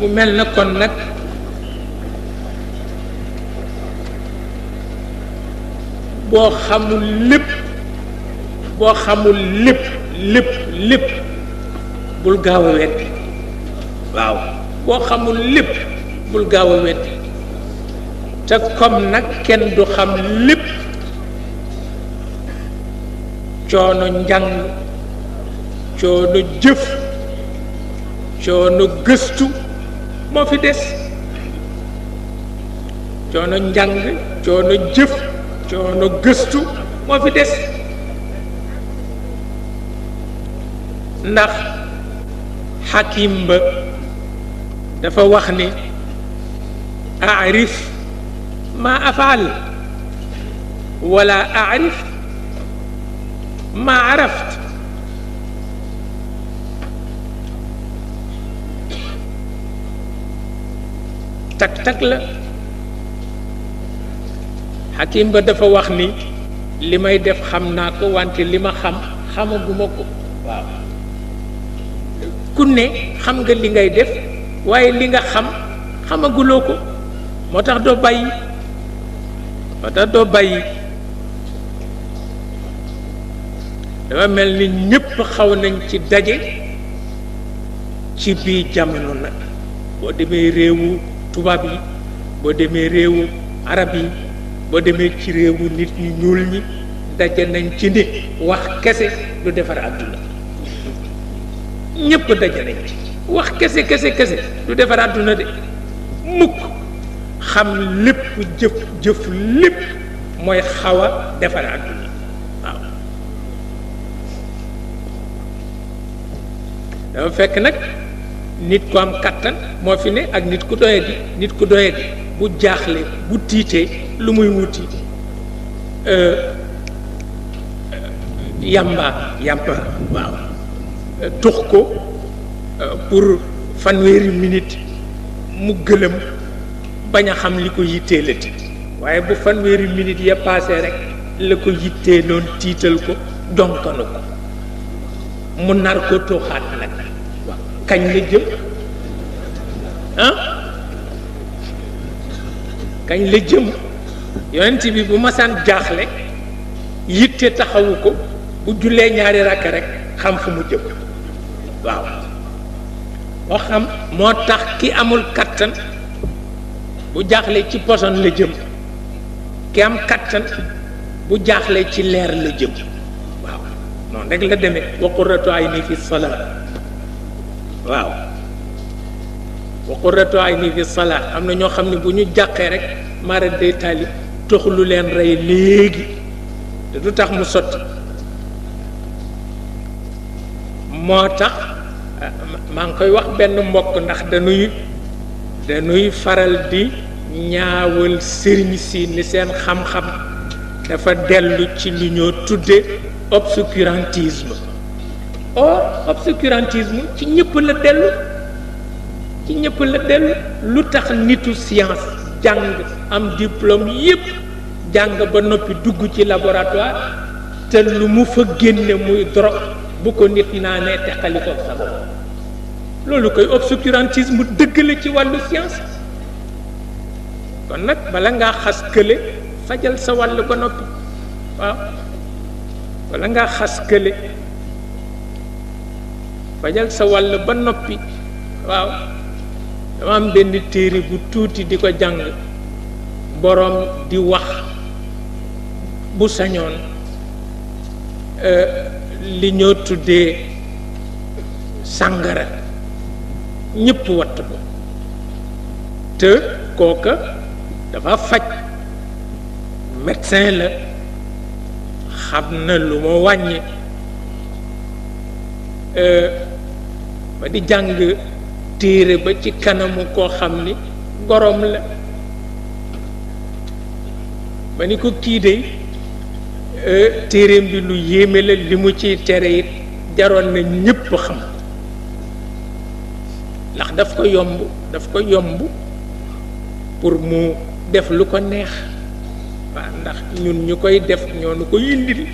mu mel na kon nag boo xamul lépp boo lépp lépp bul gaaw a weddi waaw boo xamul lépp bul gaaw a weddi te comme nag kenn du xam lépp coono njàng coono jëf coono gëstu moo fi des coono njàng coono jëf coono gëstu moo fi des ndax xakim ba dafa wax ni arif ma afaal wala arif ma araft tak-tak la xakim ba dafa wax ni li may def xam naa ko wante li ma xam xamaguma ko waaw ku ne xam nga li ngay def waaye li nga xam xamaguloo ko moo tax doo bàyyi moo tax doo bàyyi dafa mel ni ñépp xaw nañ ci daje ci biir jamono nag boo demee réewu tubaab yi boo demee réew arab yi boo demee ci réew réewu nit ñu ñuul ñi daje nañ ci nit wax kese lu defar àdduna ñépp daje nañ ci wax kese kese kese lu defar àdduna de mukk xam lépp jëf jëf lépp mooy xaw a defar àdduna waaw fekk nag nit ku am kàttan moo fi ne ak nit ku doyadi nit ku doyadi bu jaaxle bu tiitee lu muy wuti euh, euh, yamba yamba euh, tux ko pour fanweeri minute mu gëlëm bañ a xam li ko yitteelati waaye bu fanweeri minute ya paase rek la ko yittee loon tiital ko jonkanu ko mu nar ko tuuxaat nag kañ la jëm kañ la jëm yonent bi bu masaan jaaxle yitte taxawu ko bu jullee ñaari rakk rek xam fu mu jëm waaw boo xam moo tax ki amul kattan bu jaaxle ci poson la jëm ki am kattan bu jaaxle ci leer la jëm waaw noonu rek la demee wa qurratu ayni fi salaat waaw wa qurratu ayni fi salaat am na ñoo xam ne bu ñu jàqee rek mara day taali tox leen rey léegi te du tax mu sotti moo tax maa ngi koy wax benn mbokk ndax dañuy dañuy faral di ñaawal sëriñ si ni seen xam-xam dafa dellu ci li ñoo tudde obscurantisme or obscurantisme ci ñëpp la dellu ci ñëpp la dellu lu tax nitu science jàng am diplôme yépp jàng ba noppi dugg ci laboratoire te lu mu fa génne muy drogue bu ko nit naa ne teqali ko sa bopp loolu koy obscurantisme dëgg ci wàllu science kon nag bala ngaa xas kële fajal sa wàll ba noppi waaw bala ngaa xas kële fajal sa wàll ba noppi waaw dama am benn téere bu tuuti di ko jàng boroom di wax bu sañoon euh, li ñoo tuddee sàngara ñépp watt ko te kooka dafa faj médecin la xam na lu ma wàññi euh, ba di jàng téere ba ci kanamu koo xam ni gorom la ba ni ko kii de e, téereem bi lu yéeme la li mu ciy tere yi jaroon na ñépp xam ndax daf ko yomb daf ko yomb pour mu def lu ko neex waaw ndax ñun ñu koy def ñoo nu ko yindil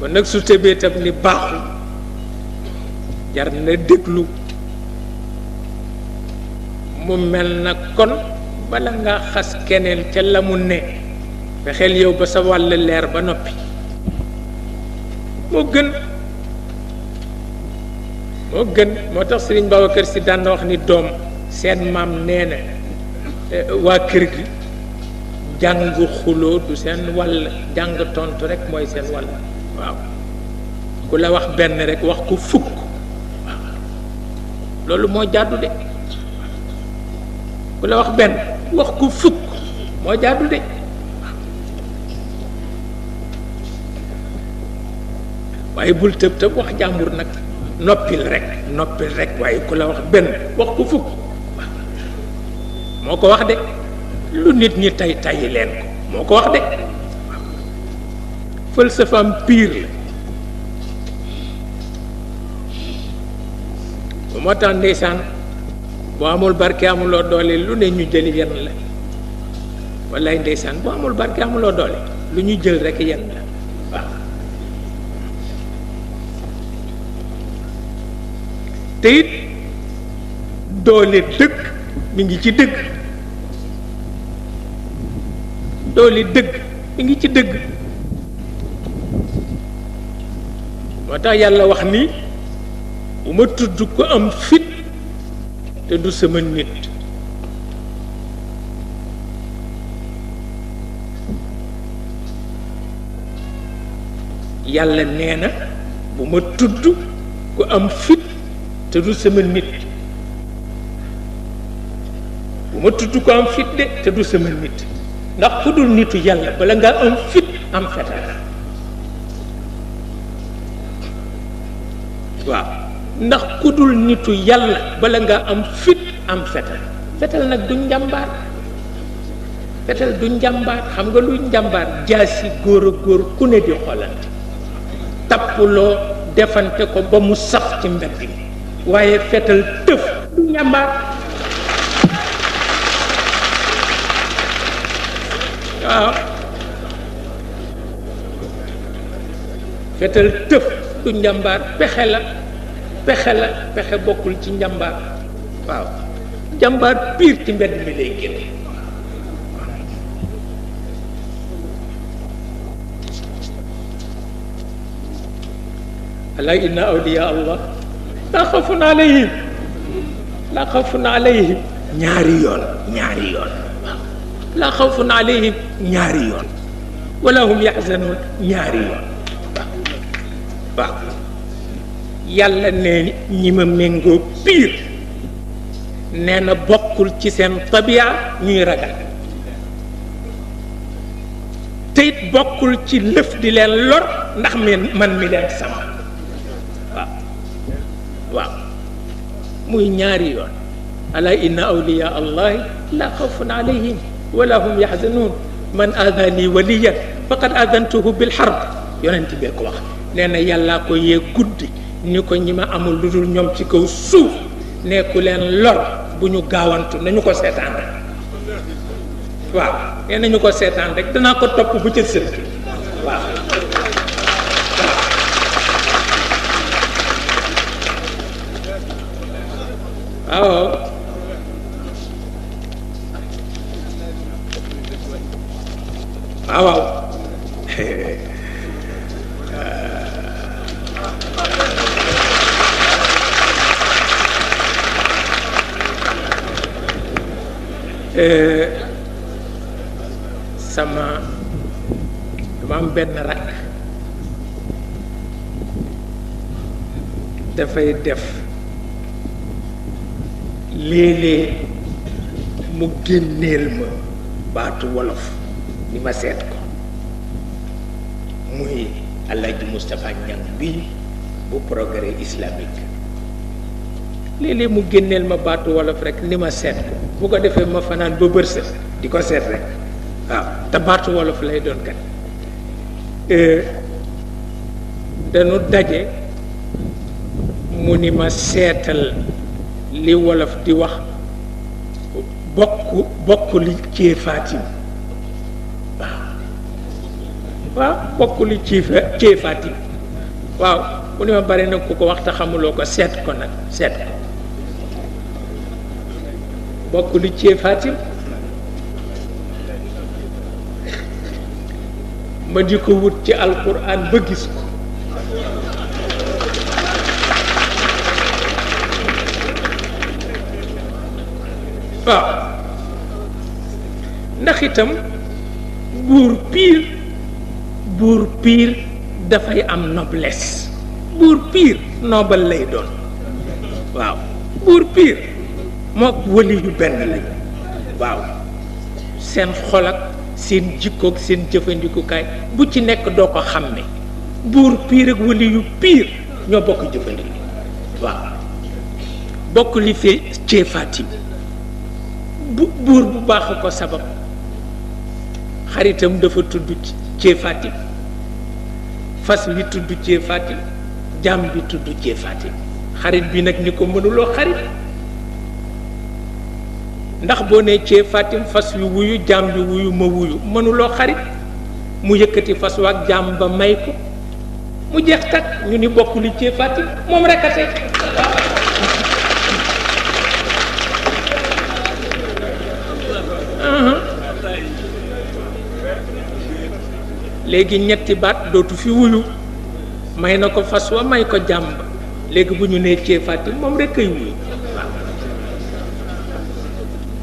kon nag su tëbee tam ni baaxul jar na déglu mu mel na kon bala nga xas keneen ca la mu ne xel yow ba sa wàll leer ba noppi moo gën moo gën moo tax Sëriñ Si daan na wax ni doom seen maam nee na eh, waa kër gi jàng xuloo du seen wàll jàng tontu rek mooy seen wàll waaw ku la wax benn rek wax ko fukk loolu moo jàddu de ku la wax benn wax ko fukk moo jàddu de waaye bul tëb tëb wax jàmbur nag noppil rek noppil rek waaye ku la wax benn wax ko fukk moo ko wax de lu nit ñi tay tayi leen ko moo ko wax de fëlsafaam piir moo tax ndeysaan boo amul barke amuloo doole lu ne ñu jëli yenn la wallaay ndeysaan boo amul barke amuloo doole lu ñu jël rekk yenn la waaw te it doole dëgg mi ngi ci dëgg doole dëgg mi ngi ci dëgg moo tax yàlla wax ni bu ma tudd ko am fit te du sama nit yàlla nee na bu ma tudd ko am fit te du sama nit bu ma tudd ko am fit de te du sama nit ndax ku dul nitu yàlla bala ngaa am fit am fetal ndax ku dul nitu yàlla bala nga am fit am fetal fetal nag du njàmbaar fetal du njàmbaar xam nga luy njàmbaar jaasi góor a góor ku ne di xoolante tappuloo defante ko ba mu sax ci mbedd mi waaye fetal tëf du njàmbaar waaw pexe la bokkul ci njàmbaar waaw njàmbaar pire ci mbedd mi lay génne ala inna awliya allah laa xafun alayhim laa xafun alayhim ñaari wala hum yaxzanuun ñaari yàlla ne ñi ma méngoo piir nee na bokkul ci seen tabia ñuy ragal te bokkul ci lëf di leen lor ndax men man mi leen sama waaw muy ñaari yoon ala inna awliya allahi la xawfun alayhim wala hum yaxzanuun man aadani waliyan faqad aadantuhu bilxarb yonent bee ko wax nee na yàllaa ko yee guddi ni ko ñi ma amul lu dul ñoom ci kaw suuf ne ku leen lor bu ñu gaawantu nañu ko seetaan rek waaw nee nañu ko seetaan rek dana ko topp bu ca sët waaw waaw Eh, sama dama benn rakk dafay def léeg-léeg mu génneel ma baatu wolof ni ma seet ko muy Alaaji Moustapha Niang bi bu progrès islamique léeg-léeg mu génneel ma baatu wolof rek ni ma seet ko bu ko defee ma fanaan ba bërse di ko seet rek waaw te baatu wolof lay doon kat euh, dañu daje mu ni ma seetal li wolof di wax bokk bokk li ci waaw waaw bokk li ceefaatim waaw mu ne ma bari nag ku ko wax xamuloo ko seet ko nag seet ko bokk lu ci Fatim ko wut ci alquran ba gis ko waaw ndax itam buur piir buur piir dafay am noblesse buur piir noobal lay doon waaw buur piir mook wëli yu benn lañ waaw seen xol ak seen jikkoog seen jëfandikukaay bu ci nekk doo ko xàmme buur piir ak wëli yu piir ñoo bokk jëfandiku waaw bokk li fee ceefaat yi bu buur bu baax ko sabab xaritam dafa tudd ceefaat fas wi tudd ceefaat yi jaam bi tudd jéefaate xarit bi nag ni ko mënuloo xarit ndax boo nee cee fatim fas yu wuyu jaam bi wuyu ma wuyu mënuloo xarit mu yëkkati fas waak jaam ba may ko mu jeex takk ñu ni bokk li cee moom rek a tey léegi ñetti baat dootu fi wuyu may na ko fas wa may ko jàmb léegi bu ñu nee cee fàtti moom rek kay wuy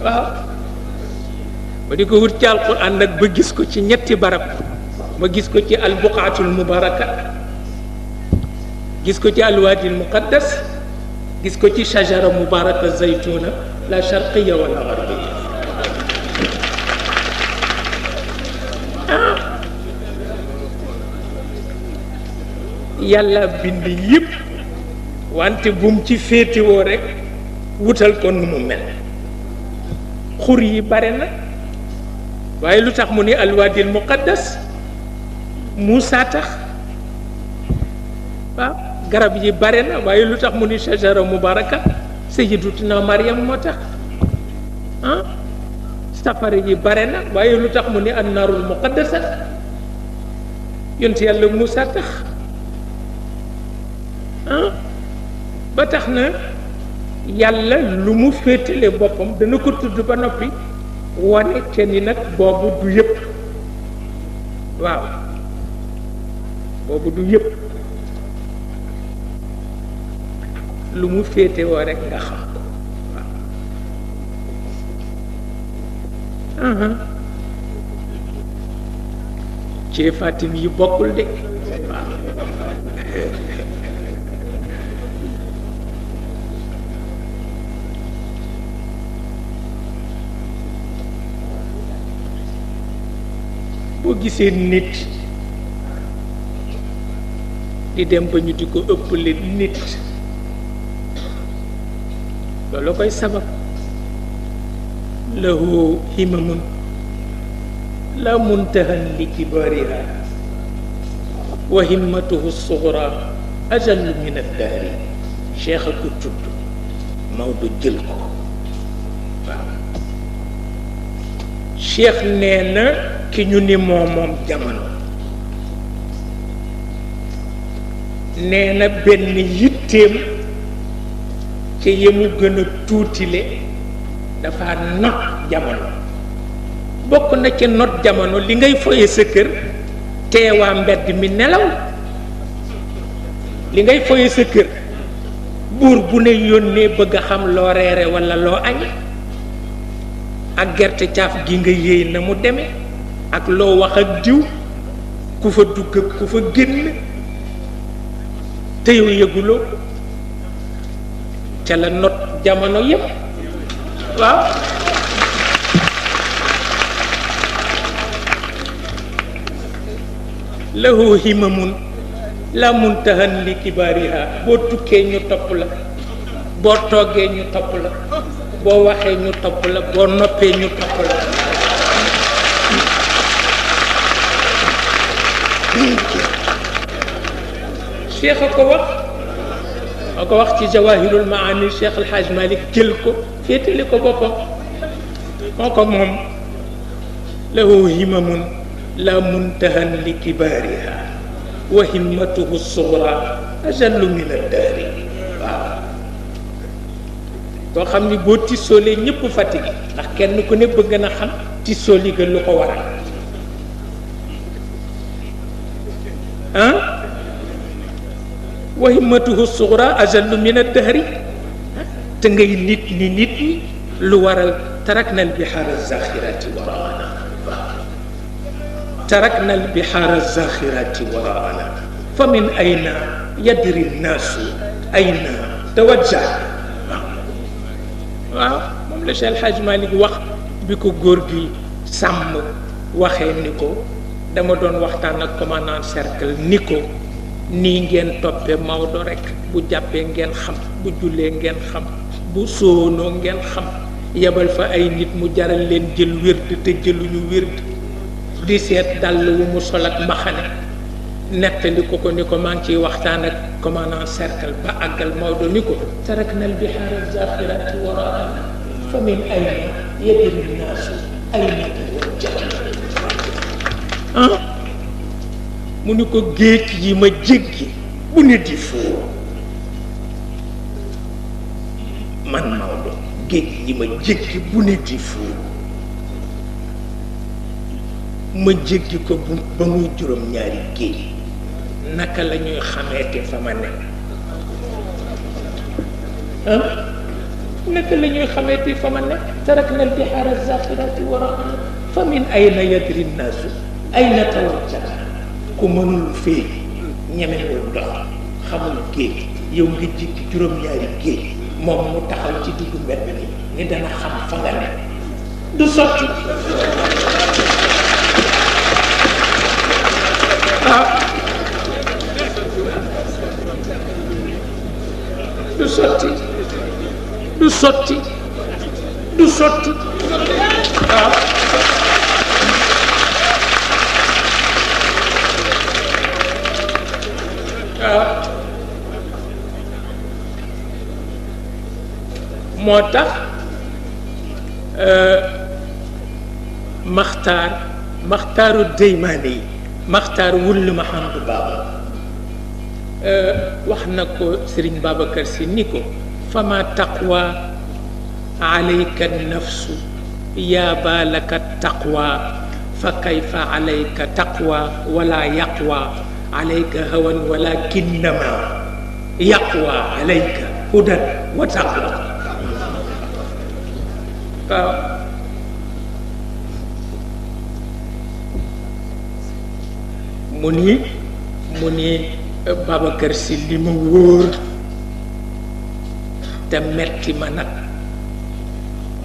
waaw waaw ba di ko wut ci alquran nag ba gis ko ci ñetti barab ma gis ko ci albuqaatul mubaraka gis ko ci alwaadil muqaddas gis ko ci shajara mubaraka zaytuna la sharqiya wala garbiya ah. yàlla bind yëpp wante bum ci féetewoo rekk wutal ko nu mu mel xur yi bare na waaye lu tax mu ni alwaadil muqaddas Muusa tax waaw garab yi bare na waaye lu tax mu ni shajara mubaraka sayyidatuna Maryam moo tax ah safara yi bare na waaye lu tax mu ni annaarul muqaddasa yonent yàlla Muusa tax ba tax na yàlla lu mu féetale boppam dana ko tudd ba noppi wane ca ni nag boobu du yëpp waaw boobu du yëpp lu mu féete woo rek nga xam ko yi bokkul de boo gisee nit di dem ba ñu di ko ëppale nit loolu koy sabab lahu himamun la muntahan li kibaariha wa himmatuhu suxra ajallu min addaari cheikh a ko tudd Maodo jël ko waaw cheikh nee na ki ñu ni moo moom jamono nee na benn yitteem ci yi mu gën a tuutile dafa not jamono bokk na ci not jamono li ngay foye sa kër teewaa mbedd mi nelaw li ngay foye sa kër buur bu ne yónnee bëgg a xam loo reere walla loo añe ak gerte caaf gi nga yéey na mu demee ak loo wax ak diw ku fa dugg ak ku fa génn te yëguloo ca la not jamono yëpp waaw lahu himamun la muntahan li kibaar kibaariha boo tukkee ñu topp la boo toogee ñu topp la boo waxee ñu topp la boo noppee ñu topp la cheikh a ko wax a ko wax ci jawahirul maani cheikh alxaaj malik jël ko féetali ko boppam moo ko moom lahu himamun la muntahan li kibaariha wa himmatuhu suxra ajallu min addaari waaw koo xam ni boo tisoolee ñëpp fàttali ndax kenn ku ne bëgg na xam tisoo li lu ko waral ah wa himmatuhu suxra ajallu min addahri te ngay nit ni nit ñi lu waral tarakna albihaara zaxirati waraana tarakna albihaara zaxirati waraana fa min ayna yadri nnaasu ayna tawajjah waaw moom la Cheikh El Hadj Malick wax bi ko góor gi sàmm waxee ni ko dama doon waxtaan ak commandant cercle ni ko nii ngeen toppee Maodo rekk bu jàppee ngeen xam bu jullee ngeen xam bu sóonoo ngeen xam yebal fa ay nit mu jaral leen jël wird te jëluñu wird di seet dàll wu mu sol ak maxane nettali ko ko ni ko maa ngi ciy waxtaan ak commandant cercle ba àggal Maodo ni ko tarakna al bihaara zaaxirati waraana fa min ayna yadri naasu ayna tawajjahu ah mu ni ko géej yi ma jéggi bu ne di fuur man Maodo géej yi ma jéggi bu ne di fuur ma jéggi ko bu ba muy juróom ñaari géej naka la ñuy xameete fa ma nekk ah naka la ñuy xameete fa ma nekk tarak na bihaara zafirati wa rahma fa min ayna yadri nnaasu ay na tawajjala ku mënul fee ñemewul dox xamul géej yow nga jikki juróom-ñaari géej moom mu taxaw ci diggu mbedd ni ni dana xam fa ah. du sotti du sotti du sotti waaw ah. moo tax euh, maxtaar maxtaaru deymaane yi maxtaar wullu ma xamdu baaba euh, wax na ko sëriñ Babacar si ni ko fama taqwa alayka nafsu yaa baalaka taqwa fa kayfa alayka taqwa wala yaqwa alayka hawan wa taqwa waaw mu ni mu ni Babacar Si li ma wóor te metti ma nag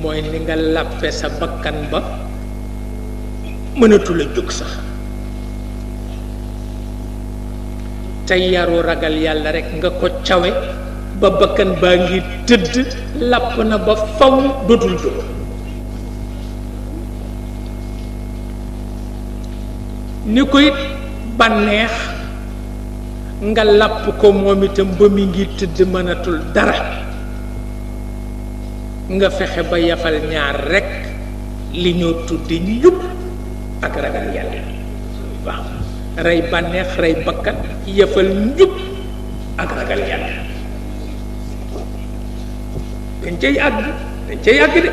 mooy ni nga làppe sa bakkan ba mënatula jóg sax te yaru ragal yàlla rekk nga ko cawe ba bakkan baa ngi tëdd làpp na ba faw dootul jóg ni ko bànneex nga làpp ko moom itam ba mi ngi tëdd mënatul dara nga fexe ba yafal ñaar rekk li ñoo tuddi njub ak ragal yàlla waaw rey bànneex rey bakkan yëfal njub ak ragal yàlla dañ ca yàgg dañ ca yàgg de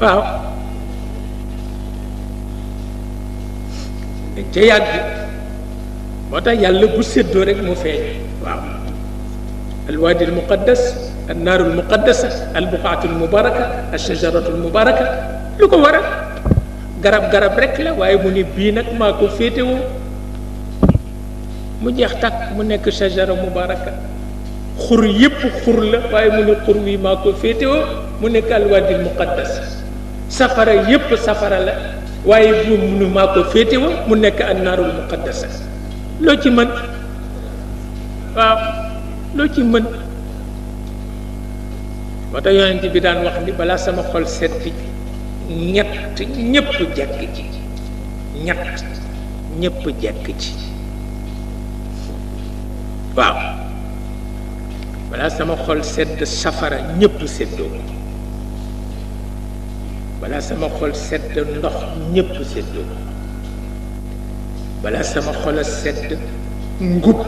waaw dañ ca yàgg moo tax yàlla bu séddoo rek mu feeñ waaw alwaadi al muqaddas annaaru al muqaddasa albuqaatu al lu ko waral garab garab rek la waaye mu ni bii nag maa ko féetewoo mu jeex takk mu nekk sajara mubaraka xur yépp xur la waaye mu ni xur wi maa ko féetewoo mu nekk alwaadil muqaddas safara yépp safara la waaye bu mu ni maa ko féetewoo mu nekk annaarul muqaddasa loo ci mën waaw loo ci mën moo tax yonent bi daan wax ni balaa sama xol sedd bi ñett ñépp jekk ci ñett ñépp jekk ci waaw balaa sama xol sedd safara ñépp seddoo balaa sama xol sedd ndox ñépp seddoo balaa sama xol sedd ngub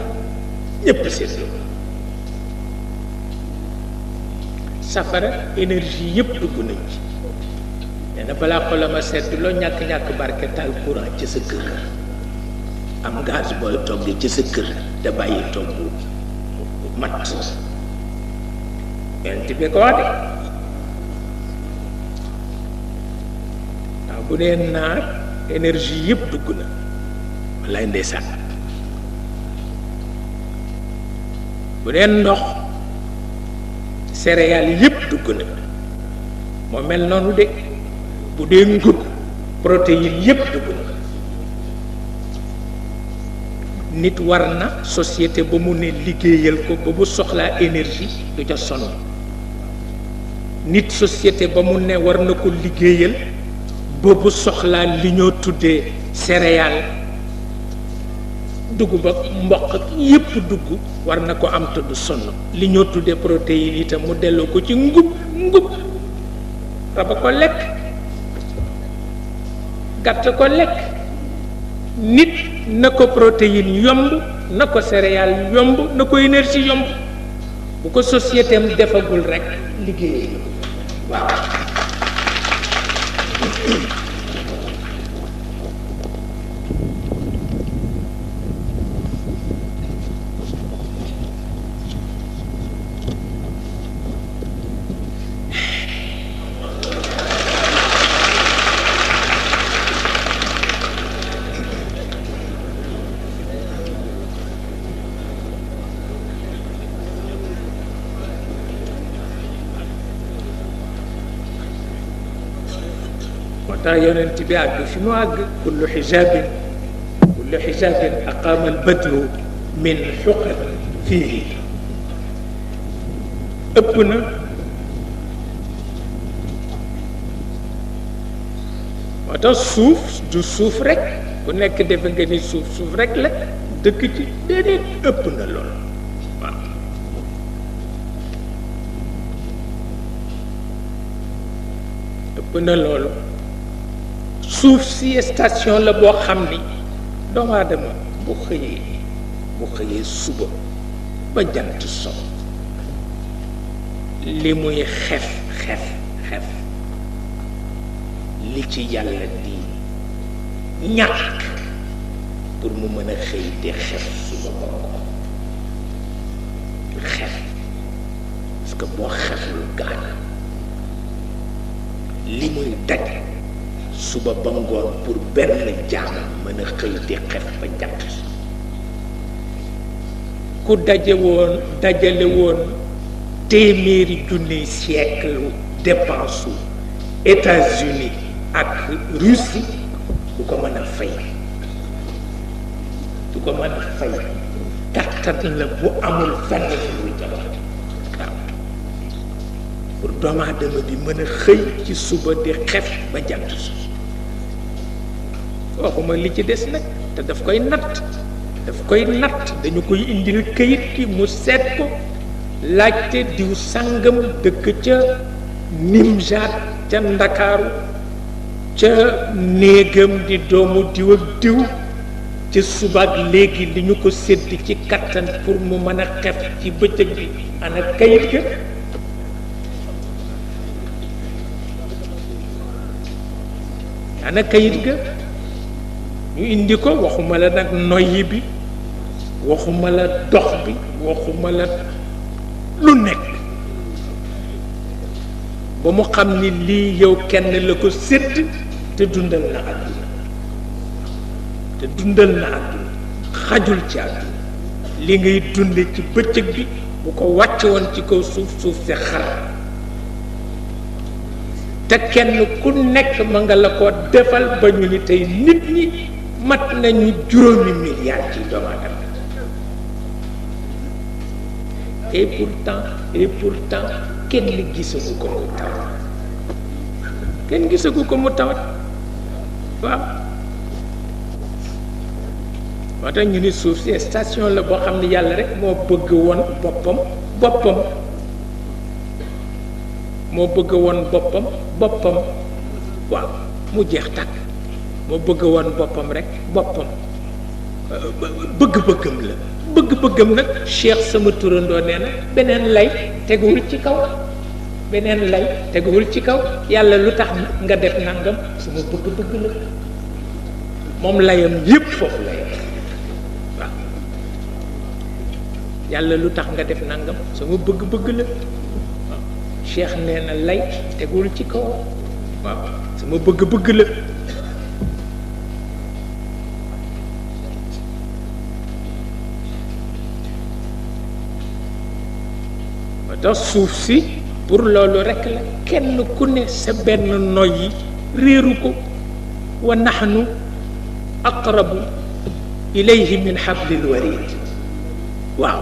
ñépp seddoo safara énergie yépp dugg nañ ci nee na balaa xolam a sedd loo ñàkk-ñàkk barke taal courant sa kër am gaz booy togg ci sa kër te bàyyi togg mat yonent bi ko wax de waaw bu dee naar énergie yëpp dugg na wallaay ndeysaan bu dee ndox céréales yëpp dugg na moo mel noonu de bu dee ngub protéine yépp dugg na nit war na société ba mu ne liggéeyal ko ba bu soxlaa énergie du ca sonn nit société ba mu ne war na ko liggéeyal ba bu soxlaa li ñoo tuddee céréale dugub ba mboq yépp dugg war na ko am te sonn li ñoo tuddee protéine itam mu delloo ko ci ngub ngub raba ko lekk gàtt ko lekk nit na ko protéine yomb na ko céréale yomb na ko énergie yomb bu ko société am defagul rek liggéey waaw tax yonent bi àgg fi mu àgg kullu xisaabin kullu xisaabin aqaama albadru min xuqat fii ëpp na moo tax suuf du suuf rek ku nekk defe nga ni suuf suuf rek la dëkk ci déedéet ëpp na lool waaw ëpp na loolu suuf si station la boo xam ni doomu aadama bu xëyee bu xëyee suba ba jant so li muy xef xef xef li ci yàlla di ñax pour mu mën a xëy di xef suba ba xef parce que boo xeful gaana li muy daj suba ba ngoon pour benn jaamam mën a xëy di xef ba jant ku daje woon dajale woon téeméeri junniy siècle dépense États-Unis ak Russie du ko mën a fay du ko mën a fay kattan la bu amul fenn luy jabar waaw pour doomu bi mën a xëy ci suba di xef ba jant waxuma li ci des nag te daf koy natt daf koy natt dañu koy indil kayit ki mu seet ko laajte diw sàngam dëkk ca Nimjaat ca Ndakaaru ca néegam di doomu diw ak diw ca suba ak léegi li ñu ko sédd ci kattan pour mu mën a xef ci bëccëg bi ana kayit ga ana kayit ga ñu indi ko waxuma la nag noyyi bi waxuma la dox bi waxuma la lu nekk ba mu xam ni lii yow kenn la ko sédd te dundal na àdduna te dundal na àdduna xajul ci àdduna li ngay dunde ci bëccëg bi bu ko wàcc woon ci kaw suuf suuf si xar te kenn ku nekk ma nga la ko defal ba ñu ni tey nit ñi mat nañu juróomi milliards ci doomu aadama et pourtant et kenn gisagu ko mu tawat kenn gisagu ko mu tawat waaw moo tax ñu ni suuf si station la boo xam ne yàlla rek moo bëgg woon boppam boppam moo bëgg woon boppam boppam waaw mu jeex tàkk moo bëgg woon boppam rek boppam bëgg-bëggam la bëgg-bëggam nag cheikh sama turandoo nee na beneen lay teguwul ci kaw beneen lay teguwul ci kaw yàlla lu tax nga def nangam sama bëgg-bëgg yépp foofu la yàlla lu tax nga def nangam sama bëgg-bëgg la waaw cheikh lay teguwul ci kaw waaw sama bëgg-bëgg la ndax suuf si pour loolu rekk la kenn ku ne sa benn noyyi réeru ko wa nahnu aqrabu ilayhi min hablil warid waaw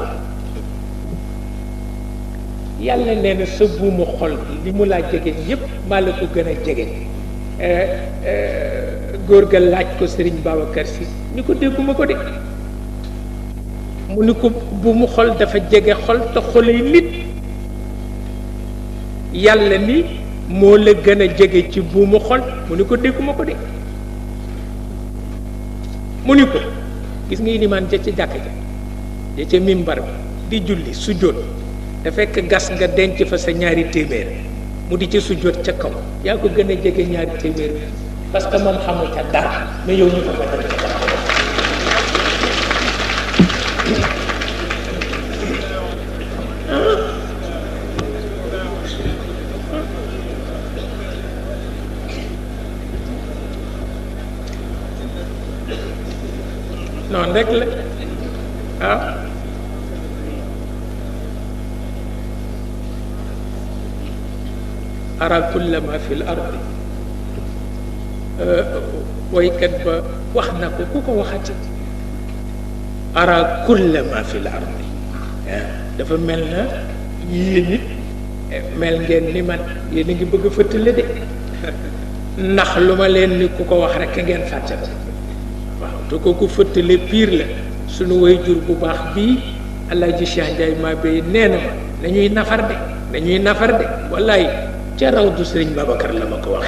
yàlla nee na sa buumu xol bi li mu laa jege yépp maa la ko gën a jege eh, eh, góor ga laaj ko sëriñ Babacar Si ni ko dégguma ko de mu ni ko buumu xol dafa jege xol te xolay nit yàlla ni moo la gën a jege ci buumu xol mu ni ko dégguma ko de mu ni ko gis nga ilimaan ja ca jàkk ja ja ca mimbar bi di julli sujjóot te fekk gas nga denc fa sa ñaari téeméer mu di ci sujjóot ca kaw yaa ko gën a jege ñaari téeméer parce que moom xamul ca dara mais yow ñu ko fa alxuraan rek la waaw ara kulla fi l woykat ba wax na ko ku ko waxati ara kulla fi l ardi dafa mel na yii nit mel ngeen ni man yéen a ngi bëgg a fëttale de ndax lu ma leen ni ku ko wax rek ngeen fàttali te kooku fëttale pire la sunu way jur bu baax bii alaaji ji Ndiaye maa bay nee na ma nañuy nafar de nañuy nafar de wallaay ca raw du sëriñ Babacar la ma ko wax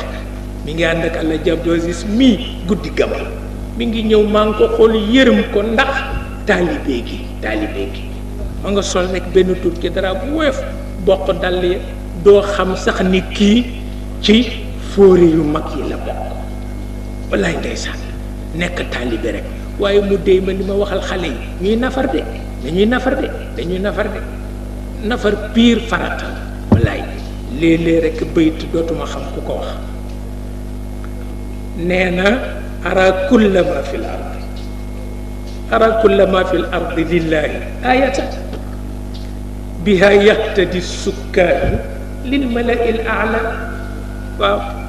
mi ngi ànd ak alaaji Abdou mii guddi gamal mi ngi ñëw maa ngi ko xool yërëm ko ndax taalibe gi taalibe gi ma nga sol rek benn tur ci dara bu woyof bokk dal doo xam sax ni kii ci fóore yu mag yi la bokk wallaay ndeysaan nekk taalibe rek waaye mu dey ma li ma waxal xale yi ñuy nafar de dañuy nafar de dañuy nafar de nafar piir farata wallaay léeg-léeg rek bayt dootuma xam ku ko wax nee na ara kulla ma fi l ardi ara kulla ma fi l ardi lillahi ayatan biha sukkaanu lil malai l waaw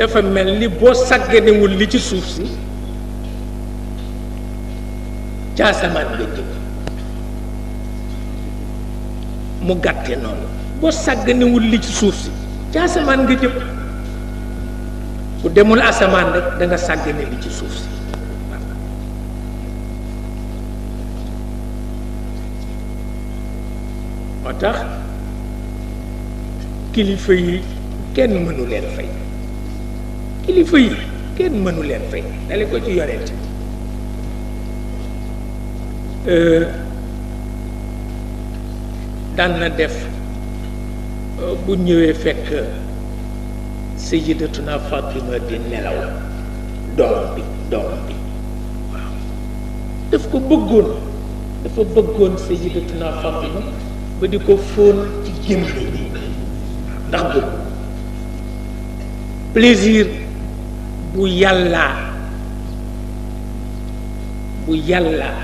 dafa mel ni boo sàgganewul li ci suuf si ca asamaan nga jëm mu gàtte noonu boo sàgganewul li ci suuf si ca asamaan nga jëm bu demul asamaan rek da sàggane li ci suuf si moo tax kilifa yi kenn mënu leen fay kilifa yi kenn mënu leen fay dale ko ci yonent euh, daan na def euh, bu ñëwee fekk sayyidatuna Fatima di nelaw doom bi doom bi waaw daf ko bëggoon dafa bëggoon sayyidatuna Fatima ba di ko fóon ci gémmiñ ndax bëgg plaisir bu yàllaa bu yàllaa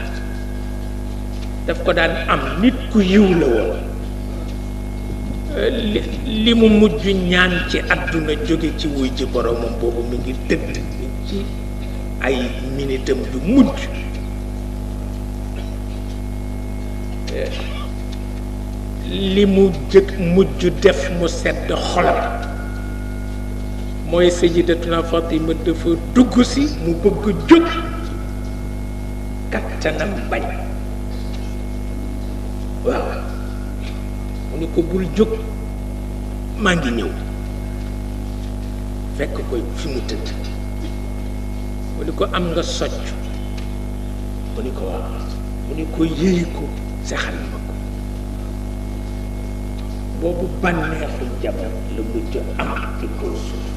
daf ko daan am nit ku yiw la woon li mu mujj ñaan ci àdduna jóge ci wuy ji boromam boobu mu ngi tëdd ci ay minitam du mujj eh, li mu jëkk mujj def mu sedd xolam mooy sayyidatuna Fatima dafa dugg si mu bëgg jóg kattanam bañ waaw mu ni ko bul jóg maa ngi ñëw fekk ko fi mu tëdd mu ni ko am nga socc mu ni ko waaw mu ni ko yëy ko saxal ma ko boobu bànneexu jabar la mujj am ci kaw suuf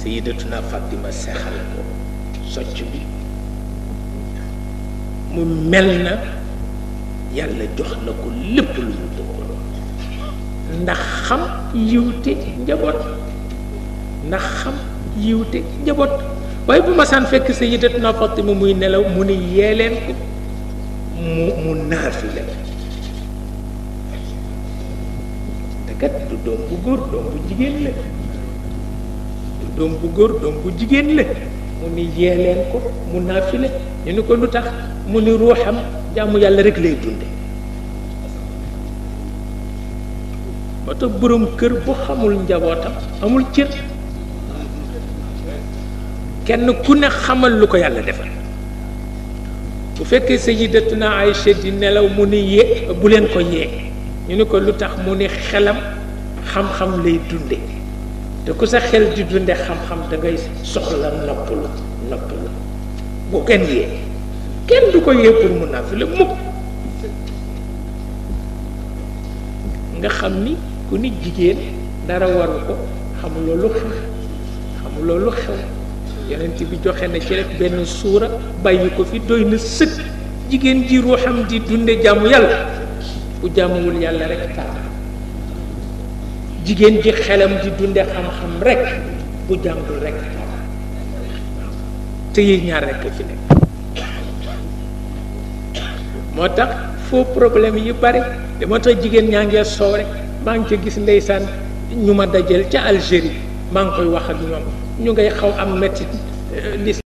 Sayyidatuna Fatima seexal ko socc bi mu mel na yàlla jox na ko lépp lu mu dëkkoon ndax xam yiwte njaboot ndax xam yiwte njaboot waaye bu masaan fekk Sayyidatuna Fatima muy nelaw mu ne yee ko mu mu naafi la du doom bu góor doom bu jigéen la du doom bu góor doom bu jigéen la mu ni yee leen ko mu naafile ñu ni ko lu tax mu ni ruuxam jaamu yàlla rek lay dunde moo tax borom kër bu xamul njabootam amul cër kenn ku ne xamal lu ko yàlla defal bu fekkee sayidatuna Aïcha di nelaw mu ni yee bu leen ko yee ñu ne ko lu tax mu ne xelam xam-xam lay dunde te ku sa xel di dunde xam-xam da ngay soxla noppalu noppalu bu kenn yee kenn du ko yee pour mu naafila mukk nga xam ni ku nit jigéen dara waru ko xamuloo lu xew xamuloo lu xew yonent bi joxe na ci rek benn suura bàyyi ko fi doy na sëkk jigéen ji ruuxam di dunde jaamu yàlla ku jàmmul yàlla rek tax jigéen ji xelam di dunde xam-xam rek bu jàngul rek tax te yi ñaar rek fi moo tax foo problème yi bari de moo tax jigéen ñaa ngee soow rek maa ngi ca gis ndeysaan ñu ma dajal ca Algérie maa ngi koy wax ñoom ñu ngay xaw am métti euh,